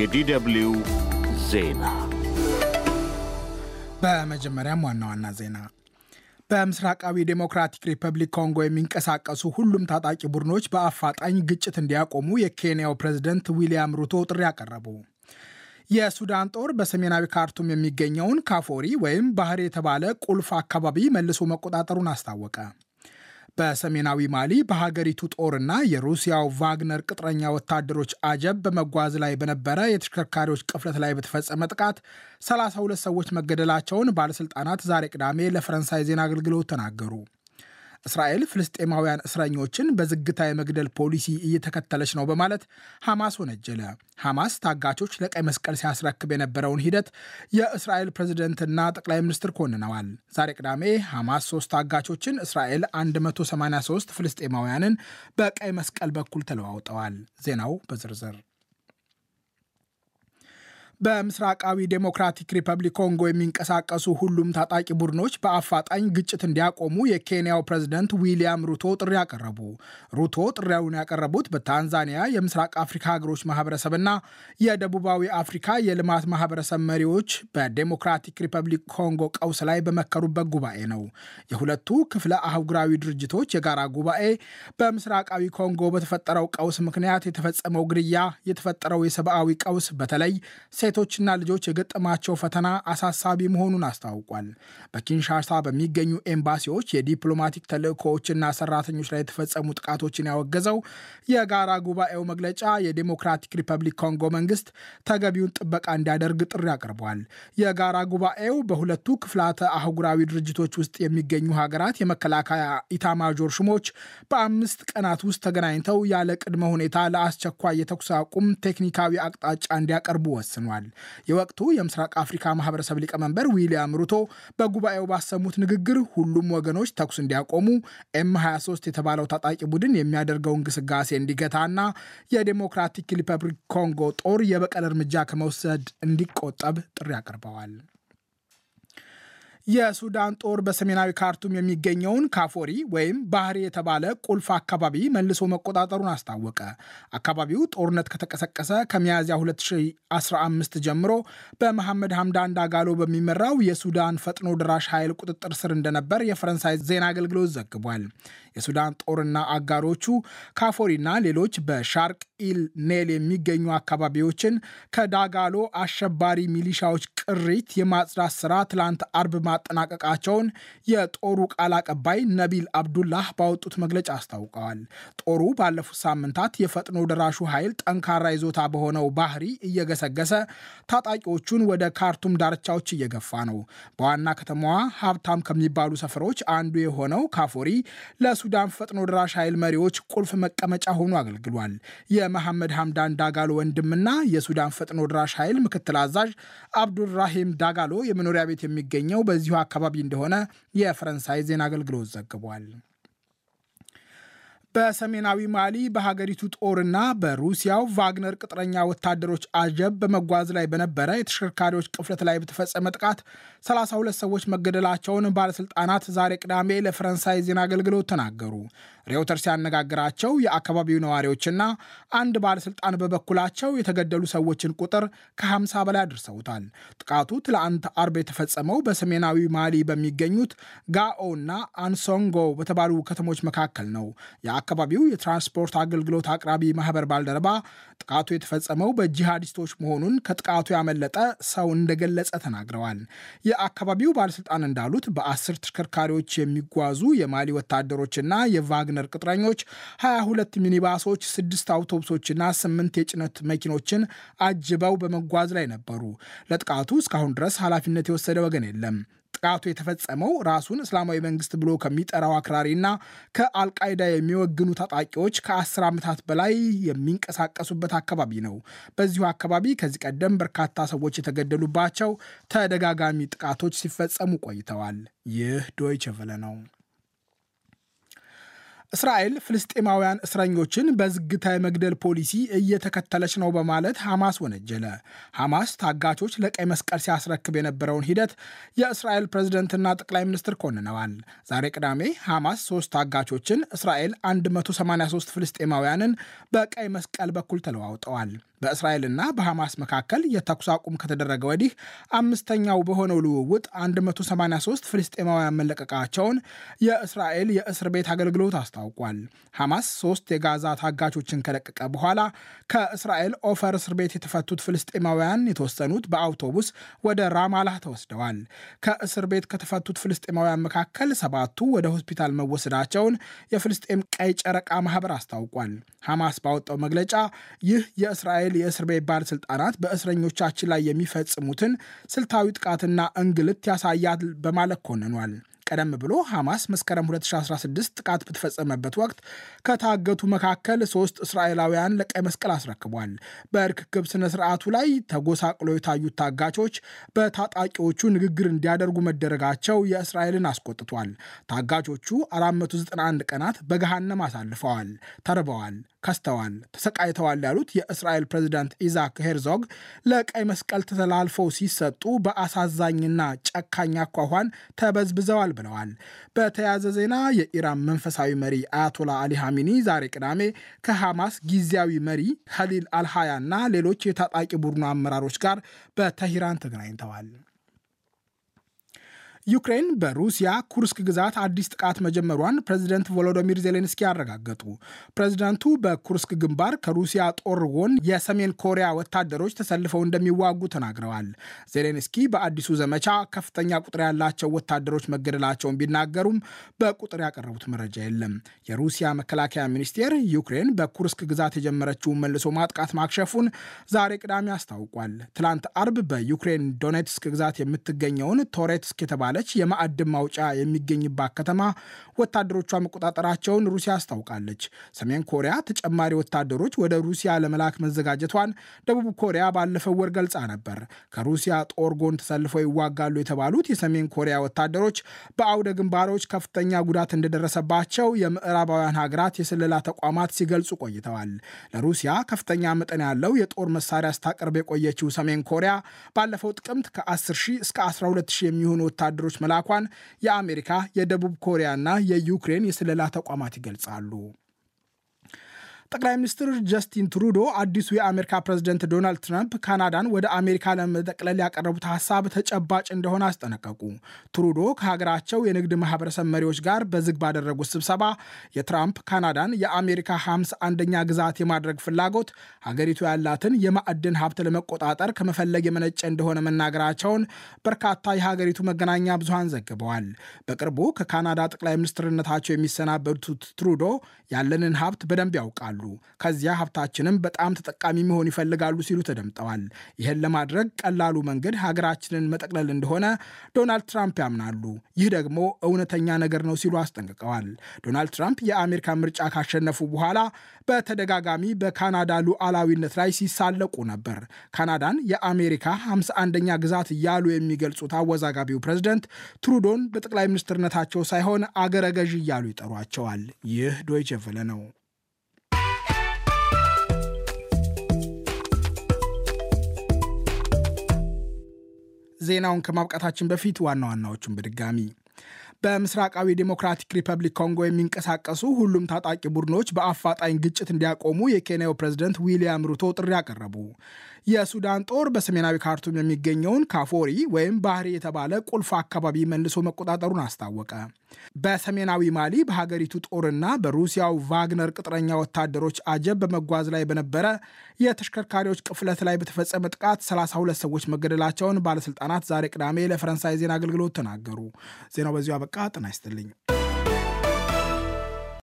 የዲደብሊው ዜና በመጀመሪያም ዋና ዋና ዜና በምስራቃዊ ዴሞክራቲክ ሪፐብሊክ ኮንጎ የሚንቀሳቀሱ ሁሉም ታጣቂ ቡድኖች በአፋጣኝ ግጭት እንዲያቆሙ የኬንያው ፕሬዝደንት ዊልያም ሩቶ ጥሪ አቀረቡ። የሱዳን ጦር በሰሜናዊ ካርቱም የሚገኘውን ካፎሪ ወይም ባህር የተባለ ቁልፍ አካባቢ መልሶ መቆጣጠሩን አስታወቀ። በሰሜናዊ ማሊ በሀገሪቱ ጦርና የሩሲያው ቫግነር ቅጥረኛ ወታደሮች አጀብ በመጓዝ ላይ በነበረ የተሽከርካሪዎች ቅፍለት ላይ በተፈጸመ ጥቃት 32 ሰዎች መገደላቸውን ባለሥልጣናት ዛሬ ቅዳሜ ለፈረንሳይ ዜና አገልግሎት ተናገሩ። እስራኤል ፍልስጤማውያን እስረኞችን በዝግታ የመግደል ፖሊሲ እየተከተለች ነው በማለት ሐማስ ወነጀለ። ሐማስ ታጋቾች ለቀይ መስቀል ሲያስረክብ የነበረውን ሂደት የእስራኤል ፕሬዝደንትና ጠቅላይ ሚኒስትር ኮንነዋል። ዛሬ ቅዳሜ ሐማስ ሶስት ታጋቾችን፣ እስራኤል 183 ፍልስጤማውያንን በቀይ መስቀል በኩል ተለዋውጠዋል። ዜናው በዝርዝር በምስራቃዊ ዴሞክራቲክ ሪፐብሊክ ኮንጎ የሚንቀሳቀሱ ሁሉም ታጣቂ ቡድኖች በአፋጣኝ ግጭት እንዲያቆሙ የኬንያው ፕሬዝደንት ዊሊያም ሩቶ ጥሪ አቀረቡ። ሩቶ ጥሪያውን ያቀረቡት በታንዛኒያ የምስራቅ አፍሪካ ሀገሮች ማህበረሰብና የደቡባዊ አፍሪካ የልማት ማህበረሰብ መሪዎች በዴሞክራቲክ ሪፐብሊክ ኮንጎ ቀውስ ላይ በመከሩበት ጉባኤ ነው። የሁለቱ ክፍለ አህጉራዊ ድርጅቶች የጋራ ጉባኤ በምስራቃዊ ኮንጎ በተፈጠረው ቀውስ ምክንያት የተፈጸመው ግድያ፣ የተፈጠረው የሰብአዊ ቀውስ በተለይ ሴቶችና ልጆች የገጠማቸው ፈተና አሳሳቢ መሆኑን አስታውቋል። በኪንሻሳ በሚገኙ ኤምባሲዎች የዲፕሎማቲክ ተልእኮዎችና ሰራተኞች ላይ የተፈጸሙ ጥቃቶችን ያወገዘው የጋራ ጉባኤው መግለጫ የዴሞክራቲክ ሪፐብሊክ ኮንጎ መንግስት ተገቢውን ጥበቃ እንዲያደርግ ጥሪ አቅርቧል። የጋራ ጉባኤው በሁለቱ ክፍላተ አህጉራዊ ድርጅቶች ውስጥ የሚገኙ ሀገራት የመከላከያ ኢታማጆር ሹሞች በአምስት ቀናት ውስጥ ተገናኝተው ያለ ቅድመ ሁኔታ ለአስቸኳይ የተኩስ አቁም ቴክኒካዊ አቅጣጫ እንዲያቀርቡ ወስኗል። ተናግረዋል። የወቅቱ የምስራቅ አፍሪካ ማህበረሰብ ሊቀመንበር ዊሊያም ሩቶ በጉባኤው ባሰሙት ንግግር ሁሉም ወገኖች ተኩስ እንዲያቆሙ፣ ኤም 23 የተባለው ታጣቂ ቡድን የሚያደርገው እንዲገታ እንዲገታና የዴሞክራቲክ ሪፐብሊክ ኮንጎ ጦር የበቀል እርምጃ ከመውሰድ እንዲቆጠብ ጥሪ አቅርበዋል። የሱዳን ጦር በሰሜናዊ ካርቱም የሚገኘውን ካፎሪ ወይም ባህሪ የተባለ ቁልፍ አካባቢ መልሶ መቆጣጠሩን አስታወቀ። አካባቢው ጦርነት ከተቀሰቀሰ ከሚያዝያ 2015 ጀምሮ በመሐመድ ሐምዳን ዳጋሎ በሚመራው የሱዳን ፈጥኖ ድራሽ ኃይል ቁጥጥር ስር እንደነበር የፈረንሳይ ዜና አገልግሎት ዘግቧል። የሱዳን ጦርና አጋሮቹ ካፎሪና ሌሎች በሻርቅ ኢል ኔል የሚገኙ አካባቢዎችን ከዳጋሎ አሸባሪ ሚሊሻዎች ቅሪት የማጽዳት ስራ ትላንት አርብ ማጠናቀቃቸውን የጦሩ ቃል አቀባይ ነቢል አብዱላህ ባወጡት መግለጫ አስታውቀዋል። ጦሩ ባለፉት ሳምንታት የፈጥኖ ደራሹ ኃይል ጠንካራ ይዞታ በሆነው ባህሪ እየገሰገሰ ታጣቂዎቹን ወደ ካርቱም ዳርቻዎች እየገፋ ነው። በዋና ከተማዋ ሀብታም ከሚባሉ ሰፈሮች አንዱ የሆነው ካፎሪ ለሱዳን ፈጥኖ ደራሽ ኃይል መሪዎች ቁልፍ መቀመጫ ሆኖ አገልግሏል። የመሐመድ ሐምዳን ዳጋሎ ወንድምና የሱዳን ፈጥኖ ድራሽ ኃይል ምክትል አዛዥ አብዱራሂም ዳጋሎ የመኖሪያ ቤት የሚገኘው በዚህ በዚሁ አካባቢ እንደሆነ የፈረንሳይ ዜና አገልግሎት ዘግቧል። በሰሜናዊ ማሊ በሀገሪቱ ጦርና በሩሲያው ቫግነር ቅጥረኛ ወታደሮች አጀብ በመጓዝ ላይ በነበረ የተሽከርካሪዎች ቅፍለት ላይ በተፈጸመ ጥቃት 32 ሰዎች መገደላቸውን ባለስልጣናት ዛሬ ቅዳሜ ለፈረንሳይ ዜና አገልግሎት ተናገሩ። ሬውተርስ ያነጋግራቸው የአካባቢው ነዋሪዎችና አንድ ባለስልጣን በበኩላቸው የተገደሉ ሰዎችን ቁጥር ከ50 በላይ አድርሰውታል። ጥቃቱ ትላንት አርብ የተፈጸመው በሰሜናዊ ማሊ በሚገኙት ጋኦ እና አንሶንጎ በተባሉ ከተሞች መካከል ነው። በአካባቢው የትራንስፖርት አገልግሎት አቅራቢ ማህበር ባልደረባ ጥቃቱ የተፈጸመው በጂሃዲስቶች መሆኑን ከጥቃቱ ያመለጠ ሰው እንደገለጸ ተናግረዋል። የአካባቢው ባለስልጣን እንዳሉት በአስር ተሽከርካሪዎች የሚጓዙ የማሊ ወታደሮችና የቫግነር ቅጥረኞች 22 ሚኒባሶች፣ ስድስት አውቶቡሶችና ስምንት የጭነት መኪኖችን አጅበው በመጓዝ ላይ ነበሩ። ለጥቃቱ እስካሁን ድረስ ኃላፊነት የወሰደ ወገን የለም። ጥቃቱ የተፈጸመው ራሱን እስላማዊ መንግስት ብሎ ከሚጠራው አክራሪና ከአልቃይዳ የሚወግኑ ታጣቂዎች ከአስር ዓመታት በላይ የሚንቀሳቀሱበት አካባቢ ነው። በዚሁ አካባቢ ከዚህ ቀደም በርካታ ሰዎች የተገደሉባቸው ተደጋጋሚ ጥቃቶች ሲፈጸሙ ቆይተዋል። ይህ ዶይቸ ቨለ ነው። እስራኤል ፍልስጤማውያን እስረኞችን በዝግታ የመግደል ፖሊሲ እየተከተለች ነው በማለት ሐማስ ወነጀለ። ሐማስ ታጋቾች ለቀይ መስቀል ሲያስረክብ የነበረውን ሂደት የእስራኤል ፕሬዝደንትና ጠቅላይ ሚኒስትር ኮንነዋል። ዛሬ ቅዳሜ ሐማስ ሶስት ታጋቾችን እስራኤል 183 ፍልስጤማውያንን በቀይ መስቀል በኩል ተለዋውጠዋል። በእስራኤልና በሐማስ መካከል የተኩስ አቁም ከተደረገ ወዲህ አምስተኛው በሆነው ልውውጥ 183 ፍልስጤማውያን መለቀቃቸውን የእስራኤል የእስር ቤት አገልግሎት አስታ። አስታውቋል። ሐማስ ሶስት የጋዛ ታጋቾችን ከለቀቀ በኋላ ከእስራኤል ኦፈር እስር ቤት የተፈቱት ፍልስጤማውያን የተወሰኑት በአውቶቡስ ወደ ራማላህ ተወስደዋል። ከእስር ቤት ከተፈቱት ፍልስጤማውያን መካከል ሰባቱ ወደ ሆስፒታል መወሰዳቸውን የፍልስጤም ቀይ ጨረቃ ማህበር አስታውቋል። ሐማስ ባወጣው መግለጫ ይህ የእስራኤል የእስር ቤት ባለስልጣናት በእስረኞቻችን ላይ የሚፈጽሙትን ስልታዊ ጥቃትና እንግልት ያሳያል በማለት ኮንኗል። ቀደም ብሎ ሐማስ መስከረም 2016 ጥቃት በተፈጸመበት ወቅት ከታገቱ መካከል ሶስት እስራኤላውያን ለቀይ መስቀል አስረክቧል። በርክክብ ስነ ስርዓቱ ላይ ተጎሳቅሎ የታዩት ታጋቾች በታጣቂዎቹ ንግግር እንዲያደርጉ መደረጋቸው የእስራኤልን አስቆጥቷል። ታጋቾቹ 491 ቀናት በገሃነም አሳልፈዋል፣ ተርበዋል፣ ከስተዋል፣ ተሰቃይተዋል ያሉት የእስራኤል ፕሬዚዳንት ኢዛክ ሄርዞግ ለቀይ መስቀል ተላልፈው ሲሰጡ በአሳዛኝና ጨካኝ አኳኋን ተበዝብዘዋል ብለዋል። በተያያዘ ዜና የኢራን መንፈሳዊ መሪ አያቶላ አሊ ሐሚኒ ዛሬ ቅዳሜ ከሐማስ ጊዜያዊ መሪ ሀሊል አልሃያ እና ሌሎች የታጣቂ ቡድኑ አመራሮች ጋር በተሂራን ተገናኝተዋል። ዩክሬን በሩሲያ ኩርስክ ግዛት አዲስ ጥቃት መጀመሯን ፕሬዚደንት ቮሎዶሚር ዜሌንስኪ አረጋገጡ። ፕሬዚደንቱ በኩርስክ ግንባር ከሩሲያ ጦር ጎን የሰሜን ኮሪያ ወታደሮች ተሰልፈው እንደሚዋጉ ተናግረዋል። ዜሌንስኪ በአዲሱ ዘመቻ ከፍተኛ ቁጥር ያላቸው ወታደሮች መገደላቸውን ቢናገሩም በቁጥር ያቀረቡት መረጃ የለም። የሩሲያ መከላከያ ሚኒስቴር ዩክሬን በኩርስክ ግዛት የጀመረችውን መልሶ ማጥቃት ማክሸፉን ዛሬ ቅዳሜ አስታውቋል። ትላንት አርብ በዩክሬን ዶኔትስክ ግዛት የምትገኘውን ቶሬትስክ የተባለ የተባለች የማዕድን ማውጫ የሚገኝባት ከተማ ወታደሮቿ መቆጣጠራቸውን ሩሲያ አስታውቃለች። ሰሜን ኮሪያ ተጨማሪ ወታደሮች ወደ ሩሲያ ለመላክ መዘጋጀቷን ደቡብ ኮሪያ ባለፈው ወር ገልጻ ነበር። ከሩሲያ ጦር ጎን ተሰልፈው ይዋጋሉ የተባሉት የሰሜን ኮሪያ ወታደሮች በአውደ ግንባሮች ከፍተኛ ጉዳት እንደደረሰባቸው የምዕራባውያን ሀገራት የስለላ ተቋማት ሲገልጹ ቆይተዋል። ለሩሲያ ከፍተኛ መጠን ያለው የጦር መሳሪያ ስታቀርብ የቆየችው ሰሜን ኮሪያ ባለፈው ጥቅምት ከ10 ሺህ እስከ 12 ሺህ የሚሆኑ ወታደሮች ወታደሮች መላኳን የአሜሪካ የደቡብ ኮሪያና የዩክሬን የስለላ ተቋማት ይገልጻሉ። ጠቅላይ ሚኒስትር ጀስቲን ትሩዶ አዲሱ የአሜሪካ ፕሬዝደንት ዶናልድ ትራምፕ ካናዳን ወደ አሜሪካ ለመጠቅለል ያቀረቡት ሀሳብ ተጨባጭ እንደሆነ አስጠነቀቁ። ትሩዶ ከሀገራቸው የንግድ ማህበረሰብ መሪዎች ጋር በዝግ ባደረጉት ስብሰባ የትራምፕ ካናዳን የአሜሪካ ሃምሳ አንደኛ ግዛት የማድረግ ፍላጎት ሀገሪቱ ያላትን የማዕድን ሀብት ለመቆጣጠር ከመፈለግ የመነጨ እንደሆነ መናገራቸውን በርካታ የሀገሪቱ መገናኛ ብዙሃን ዘግበዋል። በቅርቡ ከካናዳ ጠቅላይ ሚኒስትርነታቸው የሚሰናበቱት ትሩዶ ያለንን ሀብት በደንብ ያውቃሉ ይፈልጋሉ። ከዚያ ሀብታችንም በጣም ተጠቃሚ መሆን ይፈልጋሉ ሲሉ ተደምጠዋል። ይህን ለማድረግ ቀላሉ መንገድ ሀገራችንን መጠቅለል እንደሆነ ዶናልድ ትራምፕ ያምናሉ። ይህ ደግሞ እውነተኛ ነገር ነው ሲሉ አስጠንቅቀዋል። ዶናልድ ትራምፕ የአሜሪካ ምርጫ ካሸነፉ በኋላ በተደጋጋሚ በካናዳ ሉዓላዊነት ላይ ሲሳለቁ ነበር። ካናዳን የአሜሪካ 51ኛ ግዛት እያሉ የሚገልጹት አወዛጋቢው ፕሬዝደንት ትሩዶን በጠቅላይ ሚኒስትርነታቸው ሳይሆን አገረ ገዥ እያሉ ይጠሯቸዋል። ይህ ዶይቼ ቬለ ነው። ዜናውን ከማብቃታችን በፊት ዋና ዋናዎቹን በድጋሚ በምስራቃዊ ዴሞክራቲክ ሪፐብሊክ ኮንጎ የሚንቀሳቀሱ ሁሉም ታጣቂ ቡድኖች በአፋጣኝ ግጭት እንዲያቆሙ የኬንያው ፕሬዝደንት ዊልያም ሩቶ ጥሪ አቀረቡ። የሱዳን ጦር በሰሜናዊ ካርቱም የሚገኘውን ካፎሪ ወይም ባህሪ የተባለ ቁልፍ አካባቢ መልሶ መቆጣጠሩን አስታወቀ። በሰሜናዊ ማሊ በሀገሪቱ ጦርና በሩሲያው ቫግነር ቅጥረኛ ወታደሮች አጀብ በመጓዝ ላይ በነበረ የተሽከርካሪዎች ቅፍለት ላይ በተፈጸመ ጥቃት 32 ሰዎች መገደላቸውን ባለስልጣናት ዛሬ ቅዳሜ ለፈረንሳይ ዜና አገልግሎት ተናገሩ። ዜናው በዚሁ አበቃ። አበቃ። ጤና ይስጥልኝ።